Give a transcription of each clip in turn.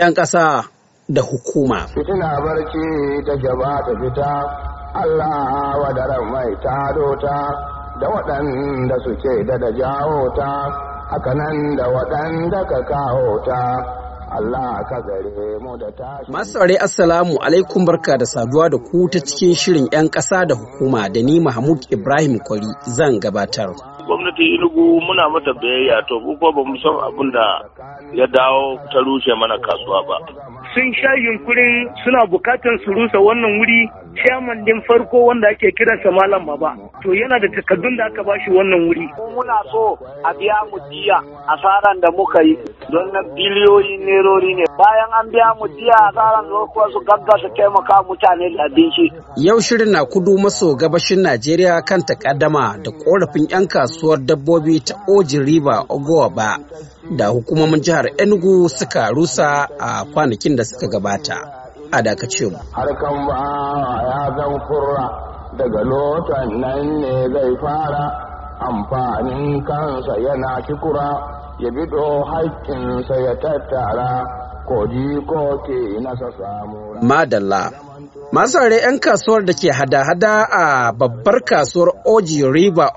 'yan ƙasa da hukuma. Fitina barci ta gaba ta fita, Allah wadaran mai taro ta da waɗanda suke da da jawo ta, hakanan da waɗanda ka kawo ta. Allah ka Masu tsare Assalamu alaikum barka da saduwa da ku ta cikin shirin 'yan ƙasa da hukuma da ni Mahmud Ibrahim Kwari zan gabatar. Gwamnati Inugu muna mata biyayya to ko ba mu san abin da ya dawo ta rushe mana kasuwa ba. Sun sha yunkurin suna bukatar su rusa wannan wuri shaman din farko wanda ake kiransa malam ba, to yana da takardun da aka bashi wannan wuri. Muna so a biya mu diya asaran da muka yi don na biliyoyin nerori ne bayan an biya mu jiya a tsarin kuwa su gaggasu taimaka mutane da abinci. Yau shirin na kudu maso gabashin Najeriya kan takaddama da korafin 'yan kasuwar dabbobi ta Ojin Riba Ogowa ba da hukumomin jihar Enugu suka rusa a kwanakin da suka gabata. A dakace mu. Harkan ba ya zan kurra daga lotan nan ne zai fara amfanin kansa yana kikura. ya bido haƙƙinsa ya tattara koji ko ke samu. Madalla. Masare 'yan kasuwar da ke hada-hada a babbar kasuwar Oji River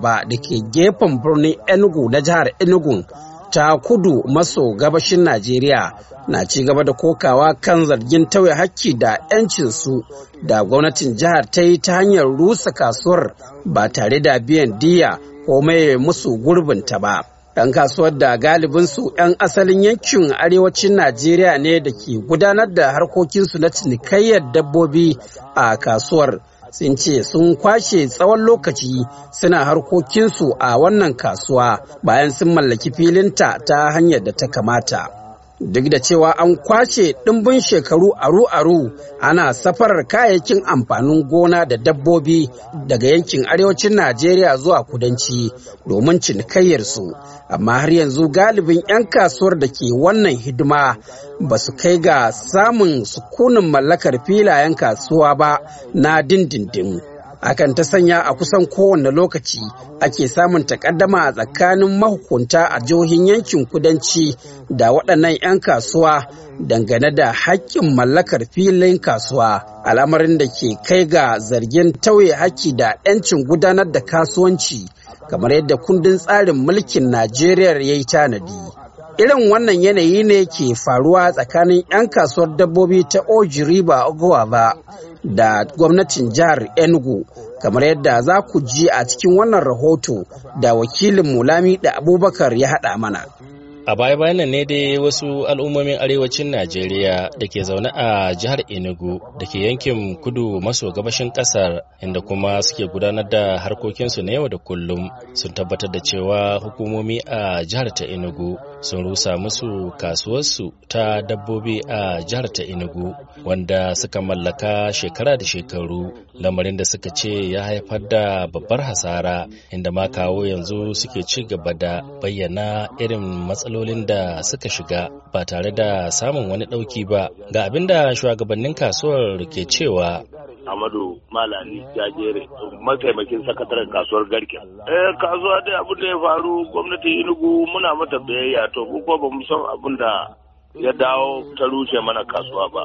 ba da ke gefen birnin Enugu na jihar Enugu ta kudu maso gabashin Najeriya na ci gaba da kokawa kan zargin tauye hakki da 'yancinsu da gwamnatin jihar ta yi ta hanyar rusa kasuwar ba tare da biyan diya ko mai musu gurbinta ba. 'yan kasuwar da galibinsu 'yan asalin yankin arewacin najeriya ne da ke gudanar da harkokinsu na cinikayyar dabbobi a kasuwar sun ce sun kwashe tsawon lokaci suna harkokinsu a wannan kasuwa bayan sun mallaki filinta ta hanyar da ta kamata duk da cewa an kwashe ɗimbin shekaru aru-aru ana safarar kayayyakin amfanin gona da dabbobi daga yankin arewacin najeriya zuwa kudanci domin su amma har yanzu galibin 'yan kasuwar da ke wannan hidima ba su kai ga samun sukunin mallakar filayen kasuwa ba na dindindin. hakan ta sanya a kusan kowane lokaci ake samun takaddama a tsakanin mahukunta a jihohin yankin kudanci da waɗannan 'yan kasuwa dangane da haƙƙin mallakar filin kasuwa al'amarin da ke kai ga zargin tauye haƙƙi da 'yancin gudanar da kasuwanci kamar yadda kundin tsarin mulkin najeriya ya yi tanadi irin wannan yanayi ne ke faruwa tsakanin 'yan kasuwar dabbobi ta oji riba ba. da gwamnatin jihar Enugu kamar yadda za ku ji a cikin wannan rahoto da wakilin Mulami da Abubakar ya haɗa mana. A baya-bayan nan ne dai wasu al'ummomin arewacin Najeriya da ke zaune a jihar Enugu da ke yankin kudu maso gabashin ƙasar inda kuma suke gudanar da harkokinsu na yau da kullum sun tabbatar da cewa hukumomi a jihar ta Enugu sun rusa musu kasuwarsu ta dabbobi a jihar ta Enugu wanda suka mallaka shekara da shekaru lamarin da suka ce ya haifar da babbar hasara inda ma kawo yanzu suke ci gaba da bayyana irin matsalolin matsalolin da suka shiga ba tare da samun wani ɗauki ba ga abin da shugabannin kasuwar ke cewa Amadu Malami Jajere mataimakin sakataren kasuwar Garken. Eh kasuwa dai abin da ya faru gwamnati inugu muna mata biyayya to ko ba mu san abin da ya dawo ta rushe mana kasuwa ba.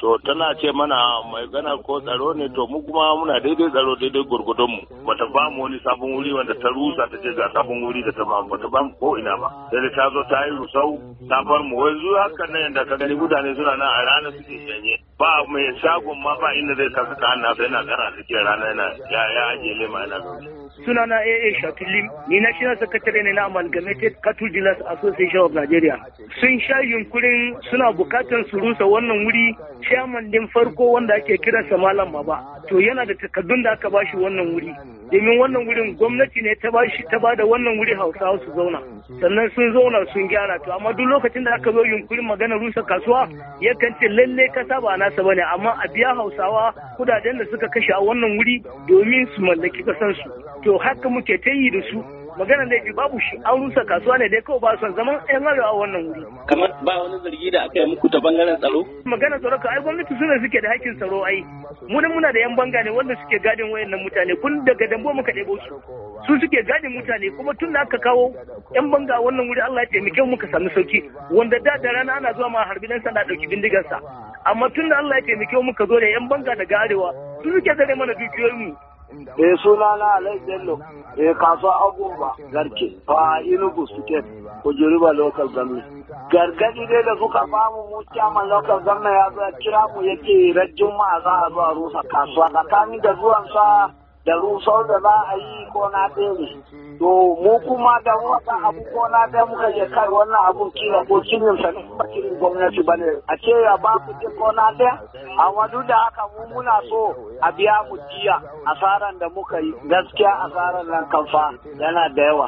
to tana ce mana mai gana ko tsaro ne to mu kuma muna daidai tsaro daidai gurgudun mu bata ba mu wani sabon wuri wanda ta rusa ta ce ga sabon wuri da ta ba mu bata ba mu ko ina ba sai ta zo ta yi rusau ta bar mu wai zuwa hakan nan yanda ka gani mutane suna nan a ranar suke shanye ba mai shagon ma ba inda zai saka kana sai na gara suke rana yana ya ya ajiye lema yana sunana AA Shatulim ni national secretary ne na Amalgamated Cattle Dealers Association of Nigeria sun sha yunkurin suna bukatar su rusa wannan wuri chairman din farko wanda ake kiransa Malam ba. to yana da takardun da aka bashi wannan wuri domin wannan wurin gwamnati ne ta bashi ta bada wannan wuri hausawa su zauna sannan sun zauna sun gyara to amma duk lokacin da aka zo yunkurin magana rusa kasuwa yakan ce lalle kasa ba nasa bane amma a biya hausawa kudaden da suka kashe a wannan wuri domin su mallaki kasansu to haka muke ta yi da su magana laifi babu shi an rusa kasuwa ne dai kawai ba son zaman yan a wannan wuri kamar ba wani zargi da aka yi muku ta bangaren tsaro magana tsaro ka ai gwamnati suna suke da hakkin tsaro ai mu muna da yan banga ne wanda suke gadin wayannan mutane kun daga dambo muka ɗebo su su suke gadin mutane kuma tun da aka kawo yan banga a wannan wuri Allah ya taimake mu ka sami sauki wanda da da rana ana zuwa ma harbi nan sana dauki bindigar sa amma tun da Allah ya taimake mu ka zo da yan banga daga arewa su suke zare mana dukiyoyin mu eh suna na Alai Bello eh kasuwa abubuwa garke a Enugu State Kujuriba local government gargadi dai da suka famu mu kyaman local government ya zo kira mu yake rajin ma za a zo a rusa kasuwa kani da zuwan sa da rusau da za a yi ko na to mu kuma da wata abu ko na ɗaya muka je kai wannan abun kila ko cinin sa ne ba gwamnati ba ne a ce ya ba ku ko na ɗaya a wadu da haka mu muna so a biya mu jiya asaran da muka yi gaskiya asaran nan kamfa yana da yawa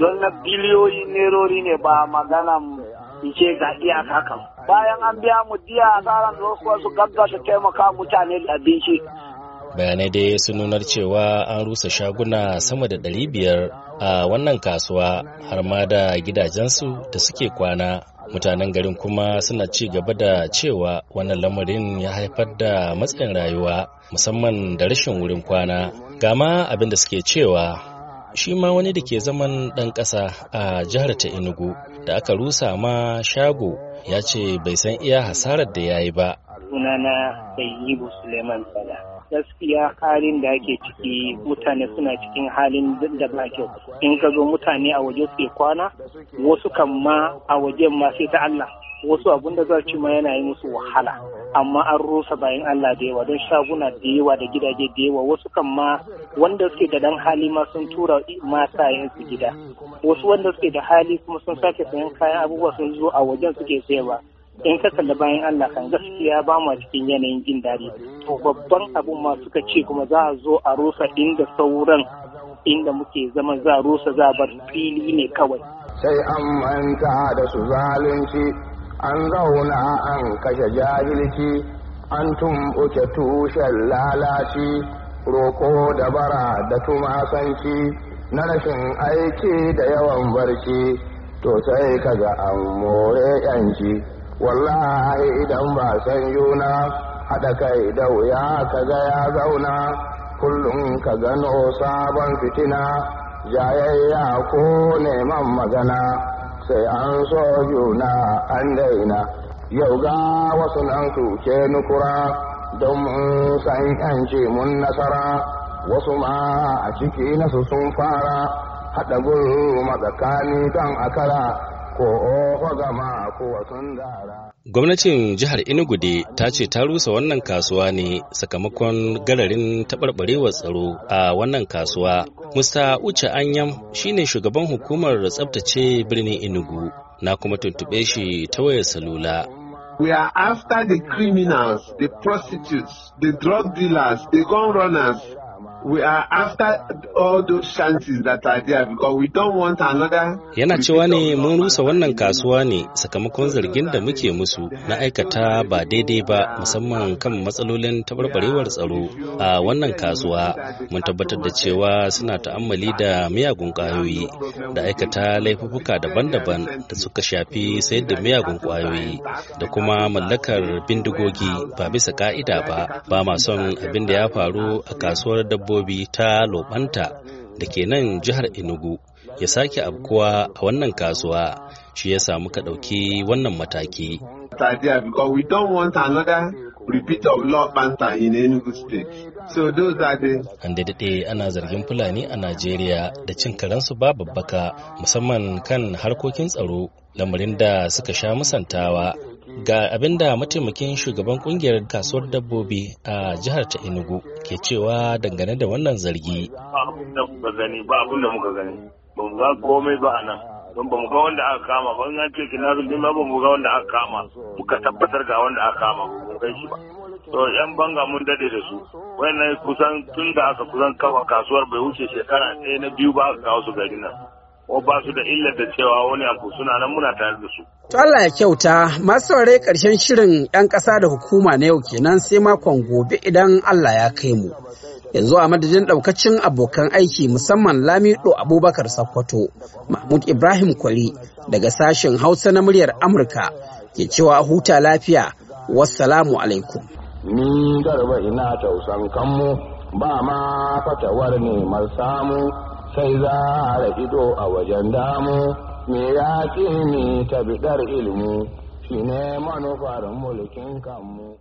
don na biliyoyin nerori ne ba magana in ce ga iyaka kan bayan an biya mu diya asaran da wasu gaggasa taimaka mutane da abinci bayanai dai sun nunar cewa an rusa shaguna sama da ɗari biyar a wannan kasuwa har ma da gidajensu da suke kwana mutanen garin kuma suna ci gaba da cewa wannan lamarin ya haifar da matsayin rayuwa musamman da rashin wurin kwana gama abin da suke cewa shi ma wani da ke zaman ɗan ƙasa a jihar ta enugu da aka rusa ma shago ya ce bai san iya hasarar da ya yi ba sunana sayyibu suleiman sada gaskiya halin da ake ciki mutane suna cikin halin da ba kyau in ka zo mutane a waje suke kwana wasu kan ma a wajen ma sai ta Allah wasu abun da za ci ma yana yi musu wahala amma an rusa bayan Allah da yawa don shaguna da yawa da gidaje da yawa wasu kan ma wanda suke da dan hali ma sun tura mata su gida wasu wanda suke da hali kuma sun sake sayan kayan abubuwa sun zo a wajen suke sayarwa in ka kalli bayan Allah kan gaskiya ba mu cikin yanayin jin daɗi to babban abun ma suka ce kuma za a zo a rusa inda sauran inda muke zama za a rusa za a bar fili ne kawai sai an manta da su zalunci an zauna an kashe jahilci an tumɓuke tushen lalaci roko da bara da tumasanci na rashin aiki da yawan barci to sai kaga an more yanci wallahi idan ba san yuna haɗa kai da wuya ka ga ya zauna kullum ka gano sabon fitina jayayya ko neman magana sai an so yuna an daina yau ga wasu nan tuke nukura don mun san yanci mun nasara wasu ma a ciki nasu sun fara haɗa gulma tsakani kan akara Gwamnatin jihar Enugu ta ce ta rusa wannan kasuwa ne sakamakon gararin taɓarɓarewar tsaro a wannan kasuwa. Musa Uche Anyam shine shugaban hukumar tsabtace birnin Enugu na kuma tuntuɓe shi ta wayar salula. We are after the criminals, the prostitutes, the drug dealers, the gun runners, yana cewa ne mun rusa wannan kasuwa ne sakamakon zargin da muke musu na aikata ba daidai ba musamman kan matsalolin tabarbarewar tsaro a wannan kasuwa mun tabbatar da cewa suna ta'ammali da miyagun kwayoyi da aikata laifuka daban-daban da suka shafi sayar da miyagun kwayoyi da kuma mallakar bindigogi ba bisa ka'ida ba ba ma son abin da ya faru a kasuwar dabbobi dabbobi ta lobanta da ke nan jihar enugu ya sake abkuwa a wannan kasuwa shi ya samu ka ɗauki wannan mataki An daɗe ana zargin Fulani a Najeriya da cin karensu ba babbaka musamman kan harkokin tsaro lamarin da suka sha musantawa Ga abin da mataimakin shugaban kungiyar kasuwar dabbobi a jihar ta Enugu ke cewa dangane da wannan zargi. Ba abin da muka gani, ba abin da muka gani. Ba mu ga komai ba a nan. Don ba mu ga wanda aka kama ba, in an ce kinafin ma, ba mu ga wanda aka kama. Muka tabbatar ga wanda aka kama, ba mu gan shi ba. To yan banga mun dade da su. Wannan kusan tun da aka kusan kafa kasuwar bai wuce shekara ɗaya na biyu ba aka kawo su garin nan. ko ba su da illar da cewa wani abu suna nan muna tare da su. To Allah ya kyauta masu saurare karshen shirin 'yan ƙasa da hukuma na yau kenan sai makon gobe idan Allah ya kai mu. yanzu a madadin ɗaukacin abokan aiki musamman lamido abubakar sakkwato mahmud ibrahim kwari daga sashen hausa na muryar amurka ke cewa huta lafiya wassalamu alaikum ni garba ina tausan kanmu ba ma fatawar neman samu sai za a ido a wajen damu me ya ni ta ilimi ilmu shine manufar mulkin kanmu